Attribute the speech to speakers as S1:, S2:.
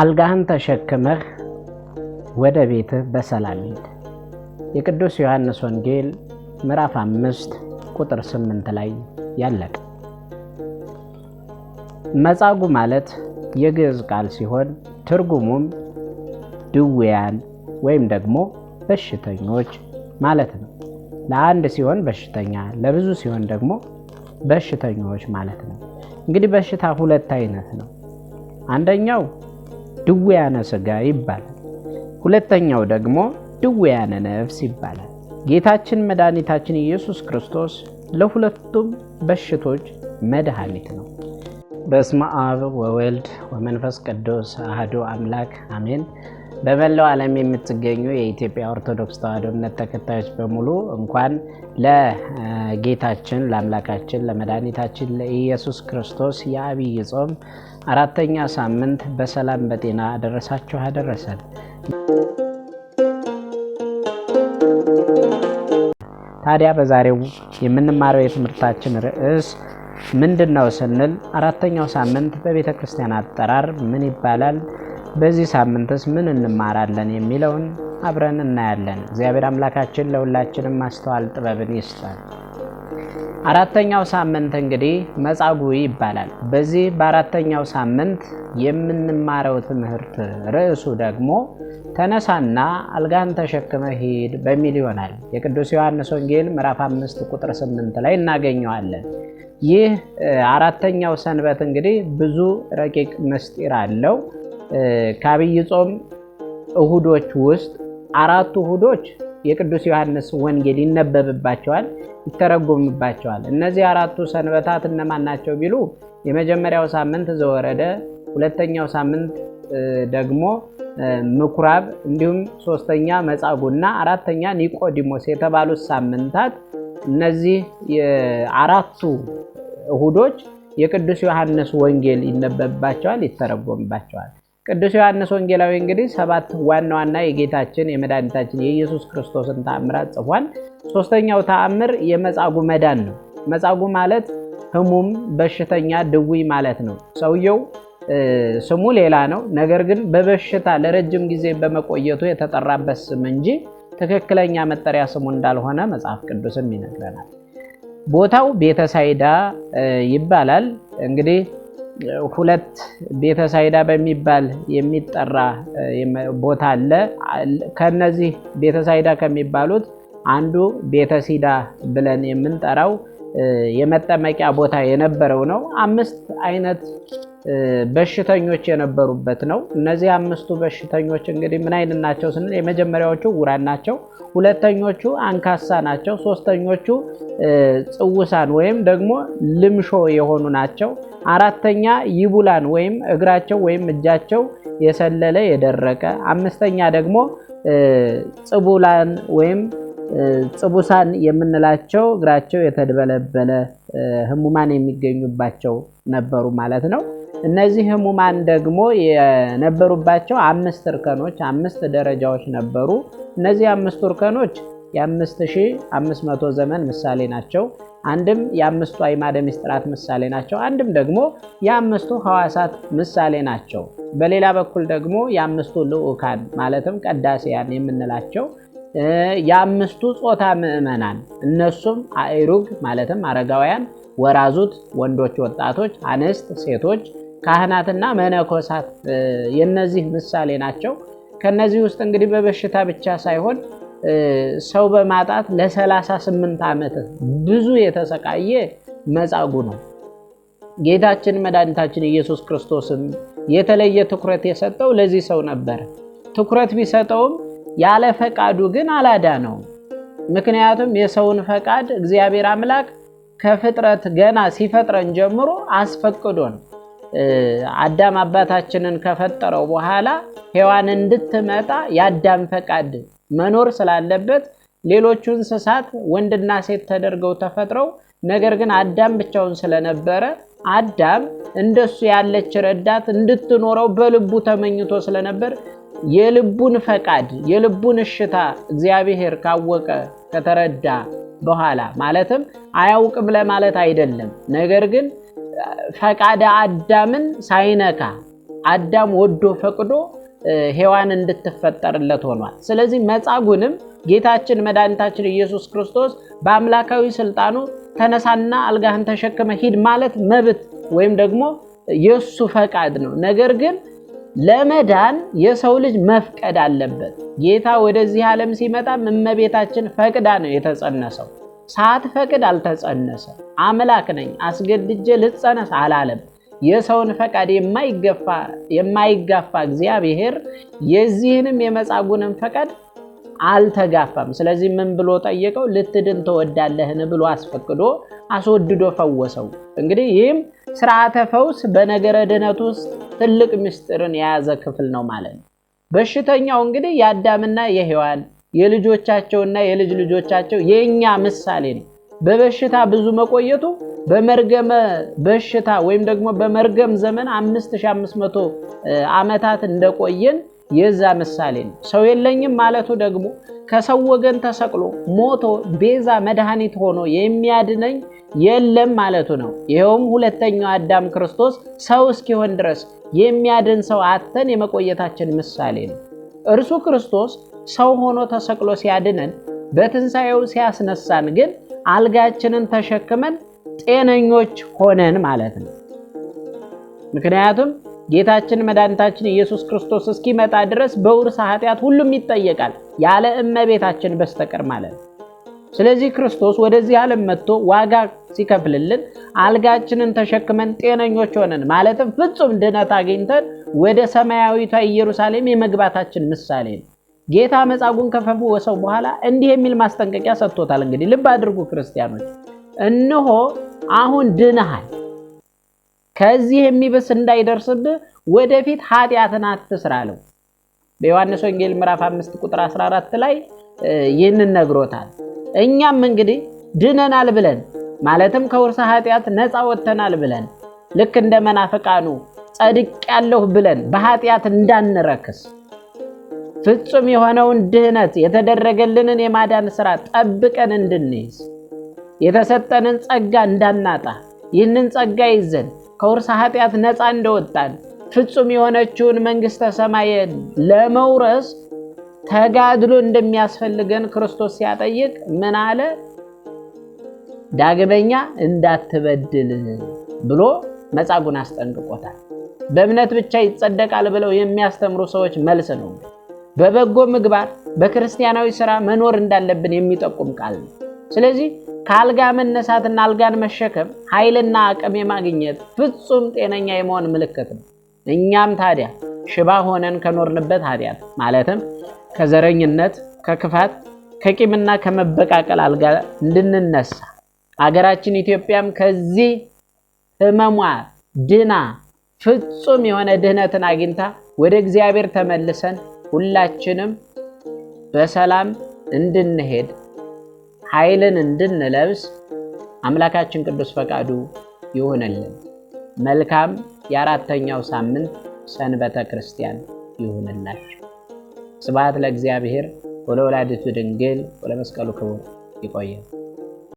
S1: አልጋህን ተሸክመህ ወደ ቤትህ በሰላም ሂድ። የቅዱስ ዮሐንስ ወንጌል ምዕራፍ አምስት ቁጥር ስምንት ላይ ያለቀ መጻጉ ማለት የግዕዝ ቃል ሲሆን ትርጉሙም ድውያን ወይም ደግሞ በሽተኞች ማለት ነው። ለአንድ ሲሆን በሽተኛ፣ ለብዙ ሲሆን ደግሞ በሽተኞች ማለት ነው። እንግዲህ በሽታ ሁለት አይነት ነው። አንደኛው ድውያነ ሥጋ ይባላል። ሁለተኛው ደግሞ ድውያነ ነፍስ ይባላል። ጌታችን መድኃኒታችን ኢየሱስ ክርስቶስ ለሁለቱም በሽቶች መድኃኒት ነው።
S2: በስመ አብ ወወልድ ወመንፈስ ቅዱስ አህዶ አምላክ አሜን። በመላው ዓለም የምትገኙ የኢትዮጵያ ኦርቶዶክስ ተዋህዶ እምነት ተከታዮች በሙሉ እንኳን ለጌታችን ለአምላካችን ለመድኃኒታችን ለኢየሱስ ክርስቶስ የአብይ ጾም አራተኛ ሳምንት በሰላም በጤና አደረሳችሁ አደረሰን። ታዲያ በዛሬው የምንማረው የትምህርታችን ርዕስ ምንድን ነው ስንል አራተኛው ሳምንት በቤተ ክርስቲያን አጠራር ምን ይባላል፣ በዚህ ሳምንትስ ምን እንማራለን የሚለውን አብረን እናያለን። እግዚአብሔር አምላካችን ለሁላችንም ማስተዋል ጥበብን ይስጠን። አራተኛው ሳምንት እንግዲህ መጻጉዕ ይባላል። በዚህ በአራተኛው ሳምንት የምንማረው ትምህርት ርዕሱ ደግሞ ተነሳና አልጋን ተሸክመ ሂድ በሚል ይሆናል። የቅዱስ ዮሐንስ ወንጌል ምዕራፍ 5 ቁጥር 8 ላይ እናገኘዋለን። ይህ አራተኛው ሰንበት እንግዲህ ብዙ ረቂቅ ምስጢር አለው። ከአብይ ጾም እሁዶች ውስጥ አራቱ እሁዶች የቅዱስ ዮሐንስ ወንጌል ይነበብባቸዋል። ይተረጎምባቸዋል። እነዚህ አራቱ ሰንበታት እነማን ናቸው ቢሉ የመጀመሪያው ሳምንት ዘወረደ፣ ሁለተኛው ሳምንት ደግሞ ምኩራብ፣ እንዲሁም ሶስተኛ መጻጉና አራተኛ ኒቆዲሞስ የተባሉት ሳምንታት እነዚህ አራቱ እሁዶች የቅዱስ ዮሐንስ ወንጌል ይነበብባቸዋል፣ ይተረጎምባቸዋል። ቅዱስ ዮሐንስ ወንጌላዊ እንግዲህ ሰባት ዋና ዋና የጌታችን የመድኃኒታችን የኢየሱስ ክርስቶስን ተአምራት ጽፏል። ሶስተኛው ተአምር የመጻጉ መዳን ነው። መጻጉ ማለት ህሙም፣ በሽተኛ፣ ድውይ ማለት ነው። ሰውየው ስሙ ሌላ ነው። ነገር ግን በበሽታ ለረጅም ጊዜ በመቆየቱ የተጠራበት ስም እንጂ ትክክለኛ መጠሪያ ስሙ እንዳልሆነ መጽሐፍ ቅዱስም ይነግረናል። ቦታው ቤተሳይዳ ይባላል እንግዲህ ሁለት ቤተሳይዳ በሚባል የሚጠራ ቦታ አለ። ከነዚህ ቤተሳይዳ ከሚባሉት አንዱ ቤተሲዳ ብለን የምንጠራው የመጠመቂያ ቦታ የነበረው ነው። አምስት አይነት በሽተኞች የነበሩበት ነው። እነዚህ አምስቱ በሽተኞች እንግዲህ ምን አይነት ናቸው ስንል የመጀመሪያዎቹ ውራን ናቸው። ሁለተኞቹ አንካሳ ናቸው። ሶስተኞቹ ጽውሳን ወይም ደግሞ ልምሾ የሆኑ ናቸው። አራተኛ ይቡላን ወይም እግራቸው ወይም እጃቸው የሰለለ የደረቀ። አምስተኛ ደግሞ ጽቡላን ወይም ጽቡሳን የምንላቸው እግራቸው የተደበለበለ ህሙማን የሚገኙባቸው ነበሩ ማለት ነው። እነዚህ ህሙማን ደግሞ የነበሩባቸው አምስት እርከኖች፣ አምስት ደረጃዎች ነበሩ። እነዚህ አምስቱ እርከኖች የ5500 ዘመን ምሳሌ ናቸው። አንድም የአምስቱ አይማደ ምስጢራት ምሳሌ ናቸው። አንድም ደግሞ የአምስቱ ሐዋሳት ምሳሌ ናቸው። በሌላ በኩል ደግሞ የአምስቱ ልዑካን ማለትም ቀዳሴያን የምንላቸው የአምስቱ ጾታ ምዕመናን እነሱም አእሩግ ማለትም አረጋውያን፣ ወራዙት ወንዶች ወጣቶች፣ አንስት ሴቶች፣ ካህናትና መነኮሳት የነዚህ ምሳሌ ናቸው። ከነዚህ ውስጥ እንግዲህ በበሽታ ብቻ ሳይሆን ሰው በማጣት ለ38 ዓመት ብዙ የተሰቃየ መጻጉ ነው። ጌታችን መድኃኒታችን ኢየሱስ ክርስቶስም የተለየ ትኩረት የሰጠው ለዚህ ሰው ነበር። ትኩረት ቢሰጠውም ያለ ፈቃዱ ግን አላዳነውም። ምክንያቱም የሰውን ፈቃድ እግዚአብሔር አምላክ ከፍጥረት ገና ሲፈጥረን ጀምሮ አስፈቅዶን አዳም አባታችንን ከፈጠረው በኋላ ሔዋን እንድትመጣ የአዳም ፈቃድ መኖር ስላለበት ሌሎቹ እንስሳት ወንድና ሴት ተደርገው ተፈጥረው ነገር ግን አዳም ብቻውን ስለነበረ አዳም እንደሱ ያለች ረዳት እንድትኖረው በልቡ ተመኝቶ ስለነበር የልቡን ፈቃድ የልቡን እሽታ እግዚአብሔር ካወቀ ከተረዳ በኋላ ማለትም አያውቅም ለማለት አይደለም። ነገር ግን ፈቃደ አዳምን ሳይነካ አዳም ወዶ ፈቅዶ ሔዋን እንድትፈጠርለት ሆኗል። ስለዚህ መጻጉንም ጌታችን መድኃኒታችን ኢየሱስ ክርስቶስ በአምላካዊ ስልጣኑ ተነሳና አልጋህን ተሸክመ ሂድ ማለት መብት ወይም ደግሞ የእሱ ፈቃድ ነው። ነገር ግን ለመዳን የሰው ልጅ መፍቀድ አለበት። ጌታ ወደዚህ ዓለም ሲመጣ እመቤታችን ፈቅዳ ነው የተጸነሰው። ሳትፈቅድ አልተጸነሰ። አምላክ ነኝ አስገድጄ ልጸነስ አላለም። የሰውን ፈቃድ የማይጋፋ እግዚአብሔር የዚህንም የመጻጉንም ፈቃድ አልተጋፋም። ስለዚህ ምን ብሎ ጠየቀው? ልትድን ትወዳለህን ብሎ አስፈቅዶ አስወድዶ ፈወሰው። እንግዲህ ይህም ስርዓተ ፈውስ በነገረ ድነት ውስጥ ትልቅ ምስጢርን የያዘ ክፍል ነው ማለት ነው። በሽተኛው እንግዲህ የአዳምና የሔዋን የልጆቻቸውና የልጅ ልጆቻቸው የእኛ ምሳሌ ነው። በበሽታ ብዙ መቆየቱ በመርገመ በሽታ ወይም ደግሞ በመርገም ዘመን 5500 ዓመታት እንደቆየን የዛ ምሳሌ ነው። ሰው የለኝም ማለቱ ደግሞ ከሰው ወገን ተሰቅሎ ሞቶ ቤዛ መድኃኒት ሆኖ የሚያድነኝ የለም ማለቱ ነው። ይኸውም ሁለተኛው አዳም ክርስቶስ ሰው እስኪሆን ድረስ የሚያድን ሰው አተን የመቆየታችን ምሳሌ ነው። እርሱ ክርስቶስ ሰው ሆኖ ተሰቅሎ ሲያድነን፣ በትንሣኤው ሲያስነሳን ግን አልጋችንን ተሸክመን ጤነኞች ሆነን ማለት ነው። ምክንያቱም ጌታችን መድኃኒታችን ኢየሱስ ክርስቶስ እስኪመጣ ድረስ በውርስ ኃጢአት ሁሉም ይጠየቃል ያለ እመቤታችን በስተቀር ማለት ነው። ስለዚህ ክርስቶስ ወደዚህ ዓለም መጥቶ ዋጋ ሲከፍልልን አልጋችንን ተሸክመን ጤነኞች ሆነን ማለትም ፍጹም ድነት አግኝተን ወደ ሰማያዊቷ ኢየሩሳሌም የመግባታችን ምሳሌ ነው። ጌታ መጻጉዕን ከፈወሰው በኋላ እንዲህ የሚል ማስጠንቀቂያ ሰጥቶታል። እንግዲህ ልብ አድርጉ ክርስቲያኖች፣ እነሆ አሁን ድነሃል፣ ከዚህ የሚብስ እንዳይደርስብህ ወደፊት ኃጢአትን አትስራ አለው። በዮሐንስ ወንጌል ምዕራፍ 5 ቁጥር 14 ላይ ይህንን ነግሮታል። እኛም እንግዲህ ድነናል ብለን ማለትም ከውርሰ ኃጢአት ነፃ ወጥተናል ብለን ልክ እንደ መናፍቃኑ ጸድቅ ያለሁ ብለን በኃጢአት እንዳንረክስ ፍጹም የሆነውን ድህነት የተደረገልንን የማዳን ሥራ ጠብቀን እንድንይዝ የተሰጠንን ጸጋ እንዳናጣ ይህንን ጸጋ ይዘን ከውርስ ኃጢአት ነፃ እንደወጣን ፍጹም የሆነችውን መንግሥተ ሰማይን ለመውረስ ተጋድሎ እንደሚያስፈልገን ክርስቶስ ሲያጠይቅ ምን አለ? ዳግመኛ እንዳትበድል ብሎ መጻጉን አስጠንቅቆታል። በእምነት ብቻ ይጸደቃል ብለው የሚያስተምሩ ሰዎች መልስ ነው። በበጎ ምግባር በክርስቲያናዊ ስራ መኖር እንዳለብን የሚጠቁም ቃል ነው። ስለዚህ ከአልጋ መነሳትና አልጋን መሸከም ኃይልና አቅም የማግኘት ፍጹም ጤነኛ የመሆን ምልክት ነው። እኛም ታዲያ ሽባ ሆነን ከኖርንበት ኃጢአት ማለትም ከዘረኝነት፣ ከክፋት፣ ከቂምና ከመበቃቀል አልጋ እንድንነሳ አገራችን ኢትዮጵያም ከዚህ ህመሟ ድና ፍጹም የሆነ ድህነትን አግኝታ ወደ እግዚአብሔር ተመልሰን ሁላችንም በሰላም እንድንሄድ ኃይልን እንድንለብስ አምላካችን ቅዱስ ፈቃዱ ይሁንልን። መልካም የአራተኛው ሳምንት ሰንበተ ክርስቲያን ይሁንላችሁ። ስብሐት ለእግዚአብሔር ወለወላዲቱ ድንግል ወለመስቀሉ ክቡር። ይቆያል።